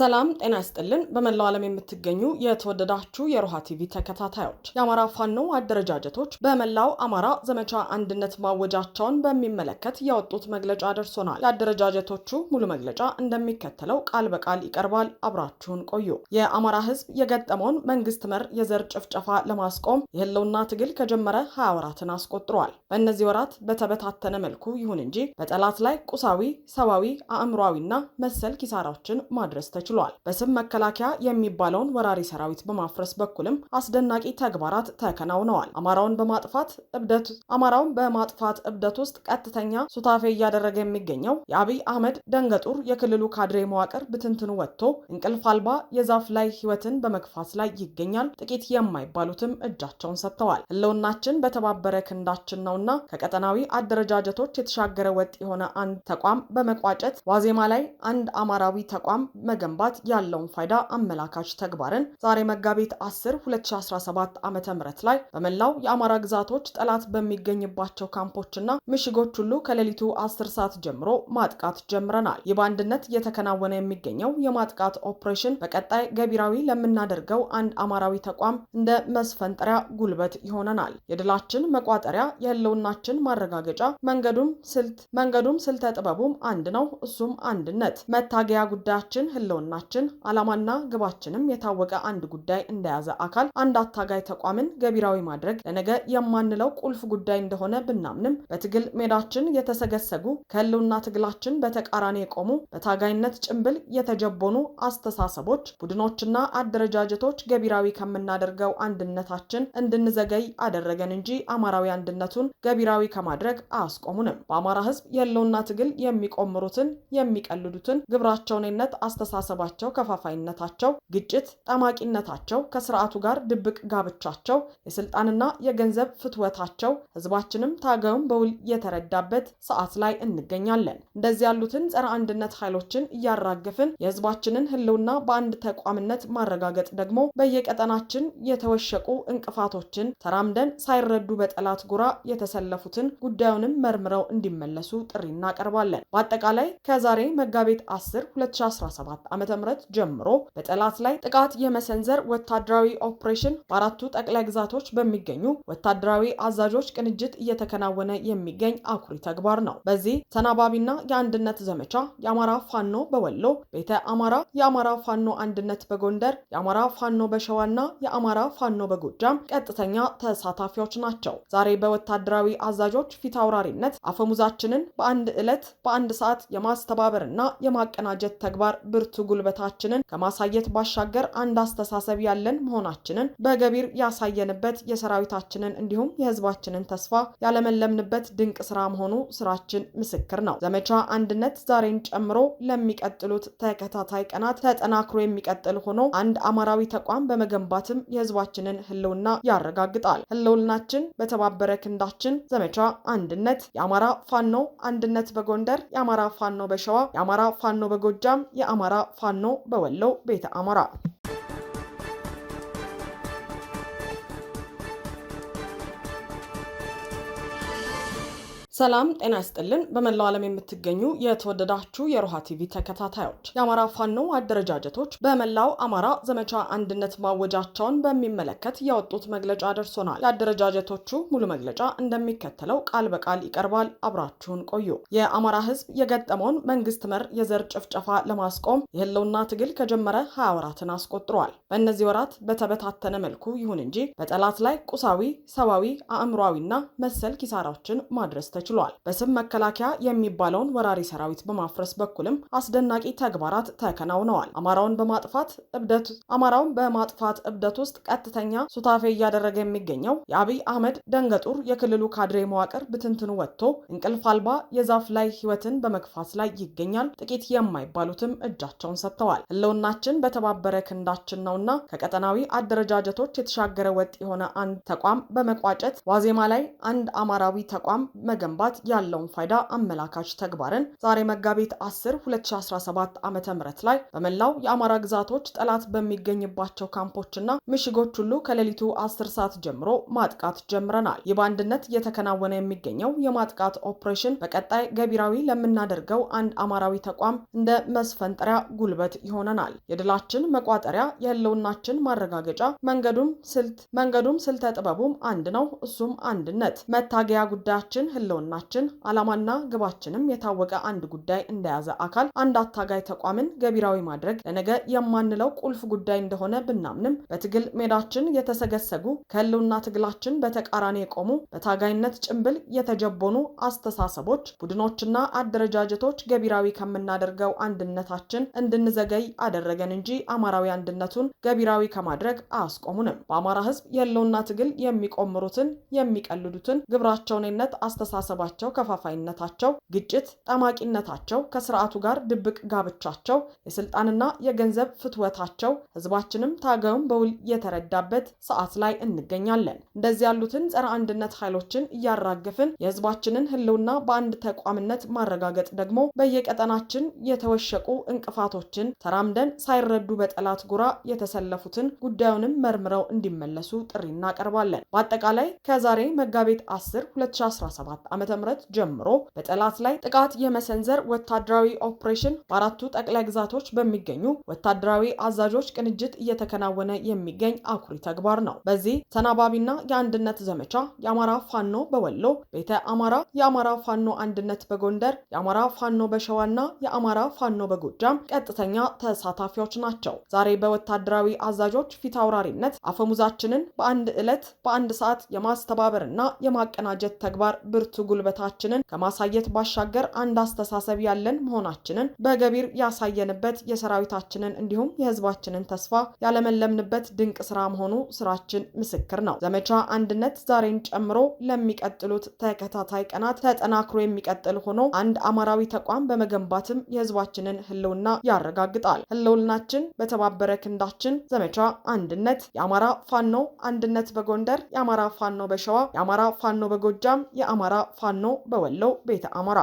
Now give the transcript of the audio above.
ሰላም ጤና ይስጥልን። በመላው ዓለም የምትገኙ የተወደዳችሁ የሮሃ ቲቪ ተከታታዮች የአማራ ፋኖ አደረጃጀቶች በመላው አማራ ዘመቻ አንድነት ማወጃቸውን በሚመለከት ያወጡት መግለጫ ደርሶናል። የአደረጃጀቶቹ ሙሉ መግለጫ እንደሚከተለው ቃል በቃል ይቀርባል። አብራችሁን ቆዩ። የአማራ ሕዝብ የገጠመውን መንግስት መር የዘር ጭፍጨፋ ለማስቆም የህልውና ትግል ከጀመረ ሀያ ወራትን አስቆጥሯል። በእነዚህ ወራት በተበታተነ መልኩ ይሁን እንጂ በጠላት ላይ ቁሳዊ፣ ሰብአዊ፣ አእምሯዊና መሰል ኪሳራዎችን ማድረስ ተችሏል። ችሏል። በስም መከላከያ የሚባለውን ወራሪ ሰራዊት በማፍረስ በኩልም አስደናቂ ተግባራት ተከናውነዋል። አማራውን በማጥፋት እብደት አማራውን በማጥፋት እብደት ውስጥ ቀጥተኛ ሱታፌ እያደረገ የሚገኘው የአብይ አህመድ ደንገጡር የክልሉ ካድሬ መዋቅር ብትንትኑ ወጥቶ እንቅልፍ አልባ የዛፍ ላይ ህይወትን በመግፋት ላይ ይገኛል። ጥቂት የማይባሉትም እጃቸውን ሰጥተዋል። ህልውናችን በተባበረ ክንዳችን ነውና ከቀጠናዊ አደረጃጀቶች የተሻገረ ወጥ የሆነ አንድ ተቋም በመቋጨት ዋዜማ ላይ አንድ አማራዊ ተቋም መገ መገንባት ያለውን ፋይዳ አመላካች ተግባርን ዛሬ መጋቢት 10 2017 ዓ ም ላይ በመላው የአማራ ግዛቶች ጠላት በሚገኝባቸው ካምፖችና ምሽጎች ሁሉ ከሌሊቱ 10 ሰዓት ጀምሮ ማጥቃት ጀምረናል። ይህ በአንድነት እየተከናወነ የሚገኘው የማጥቃት ኦፕሬሽን በቀጣይ ገቢራዊ ለምናደርገው አንድ አማራዊ ተቋም እንደ መስፈንጠሪያ ጉልበት ይሆነናል። የድላችን መቋጠሪያ፣ የህልውናችን ማረጋገጫ፣ መንገዱም ስልት መንገዱም ስልተ ጥበቡም አንድ ነው። እሱም አንድነት መታገያ ጉዳያችን ህልውና ህልውናችን ዓላማና ግባችንም የታወቀ አንድ ጉዳይ እንደያዘ አካል አንድ አታጋይ ተቋምን ገቢራዊ ማድረግ ለነገ የማንለው ቁልፍ ጉዳይ እንደሆነ ብናምንም በትግል ሜዳችን የተሰገሰጉ ከህልውና ትግላችን በተቃራኒ የቆሙ በታጋይነት ጭንብል የተጀቦኑ አስተሳሰቦች፣ ቡድኖችና አደረጃጀቶች ገቢራዊ ከምናደርገው አንድነታችን እንድንዘገይ አደረገን እንጂ አማራዊ አንድነቱን ገቢራዊ ከማድረግ አያስቆሙንም። በአማራ ህዝብ የህልውና ትግል የሚቆምሩትን የሚቀልዱትን ግብራቸውንነት አስተሳሰ አስተሳሰባቸው ከፋፋይነታቸው፣ ግጭት ጠማቂነታቸው፣ ከስርዓቱ ጋር ድብቅ ጋብቻቸው፣ የስልጣንና የገንዘብ ፍትወታቸው ህዝባችንም ታገውም በውል የተረዳበት ሰዓት ላይ እንገኛለን። እንደዚህ ያሉትን ጸረ አንድነት ኃይሎችን እያራገፍን የህዝባችንን ህልውና በአንድ ተቋምነት ማረጋገጥ ደግሞ በየቀጠናችን የተወሸቁ እንቅፋቶችን ተራምደን ሳይረዱ በጠላት ጉራ የተሰለፉትን ጉዳዩንም መርምረው እንዲመለሱ ጥሪ እናቀርባለን። በአጠቃላይ ከዛሬ መጋቤት 10 2017 ዓ.ም ጀምሮ በጠላት ላይ ጥቃት የመሰንዘር ወታደራዊ ኦፕሬሽን በአራቱ ጠቅላይ ግዛቶች በሚገኙ ወታደራዊ አዛዦች ቅንጅት እየተከናወነ የሚገኝ አኩሪ ተግባር ነው። በዚህ ተናባቢና የአንድነት ዘመቻ የአማራ ፋኖ በወሎ፣ ቤተ አማራ፣ የአማራ ፋኖ አንድነት በጎንደር፣ የአማራ ፋኖ በሸዋና የአማራ ፋኖ በጎጃም ቀጥተኛ ተሳታፊዎች ናቸው። ዛሬ በወታደራዊ አዛዦች ፊት አውራሪነት አፈሙዛችንን በአንድ ዕለት በአንድ ሰዓት የማስተባበርና የማቀናጀት ተግባር ብርቱ ጉልበታችንን ከማሳየት ባሻገር አንድ አስተሳሰብ ያለን መሆናችንን በገቢር ያሳየንበት የሰራዊታችንን እንዲሁም የህዝባችንን ተስፋ ያለመለምንበት ድንቅ ስራ መሆኑ ስራችን ምስክር ነው። ዘመቻ አንድነት ዛሬን ጨምሮ ለሚቀጥሉት ተከታታይ ቀናት ተጠናክሮ የሚቀጥል ሆኖ አንድ አማራዊ ተቋም በመገንባትም የህዝባችንን ህልውና ያረጋግጣል። ህልውናችን በተባበረ ክንዳችን። ዘመቻ አንድነት የአማራ ፋኖ አንድነት በጎንደር፣ የአማራ ፋኖ በሸዋ፣ የአማራ ፋኖ በጎጃም፣ የአማራ ፋኖ በወሎ ቤተ አማራ ሰላም ጤና ይስጥልን። በመላው ዓለም የምትገኙ የተወደዳችሁ የሮሃ ቲቪ ተከታታዮች የአማራ ፋኖ አደረጃጀቶች በመላው አማራ ዘመቻ አንድነት ማወጃቸውን በሚመለከት ያወጡት መግለጫ ደርሶናል። የአደረጃጀቶቹ ሙሉ መግለጫ እንደሚከተለው ቃል በቃል ይቀርባል። አብራችሁን ቆዩ። የአማራ ሕዝብ የገጠመውን መንግስት መር የዘር ጭፍጨፋ ለማስቆም የህልውና ትግል ከጀመረ ሀያ ወራትን አስቆጥሯል። በእነዚህ ወራት በተበታተነ መልኩ ይሁን እንጂ በጠላት ላይ ቁሳዊ፣ ሰብአዊ፣ አእምሯዊና መሰል ኪሳራዎችን ማድረስ ተችሏል። ችሏል። በስም መከላከያ የሚባለውን ወራሪ ሰራዊት በማፍረስ በኩልም አስደናቂ ተግባራት ተከናውነዋል። አማራውን በማጥፋት እብደት አማራውን በማጥፋት እብደት ውስጥ ቀጥተኛ ሱታፌ እያደረገ የሚገኘው የአብይ አህመድ ደንገጡር የክልሉ ካድሬ መዋቅር ብትንትኑ ወጥቶ እንቅልፍ አልባ የዛፍ ላይ ህይወትን በመግፋት ላይ ይገኛል። ጥቂት የማይባሉትም እጃቸውን ሰጥተዋል። ህልውናችን በተባበረ ክንዳችን ነውና ከቀጠናዊ አደረጃጀቶች የተሻገረ ወጥ የሆነ አንድ ተቋም በመቋጨት ዋዜማ ላይ አንድ አማራዊ ተቋም መገንባት መገንባት ያለውን ፋይዳ አመላካች ተግባርን ዛሬ መጋቢት 10 2017 ዓ ም ላይ በመላው የአማራ ግዛቶች ጠላት በሚገኝባቸው ካምፖችና ምሽጎች ሁሉ ከሌሊቱ 10 ሰዓት ጀምሮ ማጥቃት ጀምረናል። ይህ በአንድነት እየተከናወነ የሚገኘው የማጥቃት ኦፕሬሽን በቀጣይ ገቢራዊ ለምናደርገው አንድ አማራዊ ተቋም እንደ መስፈንጠሪያ ጉልበት ይሆነናል። የድላችን መቋጠሪያ፣ የህልውናችን ማረጋገጫ፣ መንገዱም ስልት መንገዱም ስልተ ጥበቡም አንድ ነው። እሱም አንድነት መታገያ ጉዳያችን ህልውና ህልውናችን ዓላማና ግባችንም የታወቀ አንድ ጉዳይ እንደያዘ አካል አንድ አታጋይ ተቋምን ገቢራዊ ማድረግ ለነገ የማንለው ቁልፍ ጉዳይ እንደሆነ ብናምንም በትግል ሜዳችን የተሰገሰጉ ከህልውና ትግላችን በተቃራኒ የቆሙ በታጋይነት ጭንብል የተጀቦኑ አስተሳሰቦች፣ ቡድኖችና አደረጃጀቶች ገቢራዊ ከምናደርገው አንድነታችን እንድንዘገይ አደረገን እንጂ አማራዊ አንድነቱን ገቢራዊ ከማድረግ አያስቆሙንም። በአማራ ህዝብ የህልውና ትግል የሚቆምሩትን የሚቀልዱትን ግብራቸውንነት አስተሳሰ አስተሳሰባቸው ከፋፋይነታቸው፣ ግጭት ጠማቂነታቸው፣ ከስርዓቱ ጋር ድብቅ ጋብቻቸው፣ የስልጣንና የገንዘብ ፍትወታቸው ህዝባችንም ታገውን በውል የተረዳበት ሰዓት ላይ እንገኛለን። እንደዚህ ያሉትን ጸረ አንድነት ኃይሎችን እያራገፍን የህዝባችንን ህልውና በአንድ ተቋምነት ማረጋገጥ ደግሞ በየቀጠናችን የተወሸቁ እንቅፋቶችን ተራምደን ሳይረዱ በጠላት ጉራ የተሰለፉትን ጉዳዩንም መርምረው እንዲመለሱ ጥሪ እናቀርባለን። በአጠቃላይ ከዛሬ መጋቤት 10 2017 ዓ.ም ጀምሮ በጠላት ላይ ጥቃት የመሰንዘር ወታደራዊ ኦፕሬሽን በአራቱ ጠቅላይ ግዛቶች በሚገኙ ወታደራዊ አዛዦች ቅንጅት እየተከናወነ የሚገኝ አኩሪ ተግባር ነው። በዚህ ተናባቢና የአንድነት ዘመቻ የአማራ ፋኖ በወሎ፣ ቤተ አማራ፣ የአማራ ፋኖ አንድነት በጎንደር፣ የአማራ ፋኖ በሸዋና የአማራ ፋኖ በጎጃም ቀጥተኛ ተሳታፊዎች ናቸው። ዛሬ በወታደራዊ አዛዦች ፊት አውራሪነት አፈሙዛችንን በአንድ ዕለት በአንድ ሰዓት የማስተባበርና የማቀናጀት ተግባር ብርቱ ጉልበታችንን ከማሳየት ባሻገር አንድ አስተሳሰብ ያለን መሆናችንን በገቢር ያሳየንበት የሰራዊታችንን እንዲሁም የህዝባችንን ተስፋ ያለመለምንበት ድንቅ ስራ መሆኑ ስራችን ምስክር ነው። ዘመቻ አንድነት ዛሬን ጨምሮ ለሚቀጥሉት ተከታታይ ቀናት ተጠናክሮ የሚቀጥል ሆኖ አንድ አማራዊ ተቋም በመገንባትም የህዝባችንን ህልውና ያረጋግጣል። ህልውናችን በተባበረ ክንዳችን። ዘመቻ አንድነት የአማራ ፋኖ አንድነት በጎንደር፣ የአማራ ፋኖ በሸዋ፣ የአማራ ፋኖ በጎጃም፣ የአማራ ፋኖ በወሎ ቤተ አማራ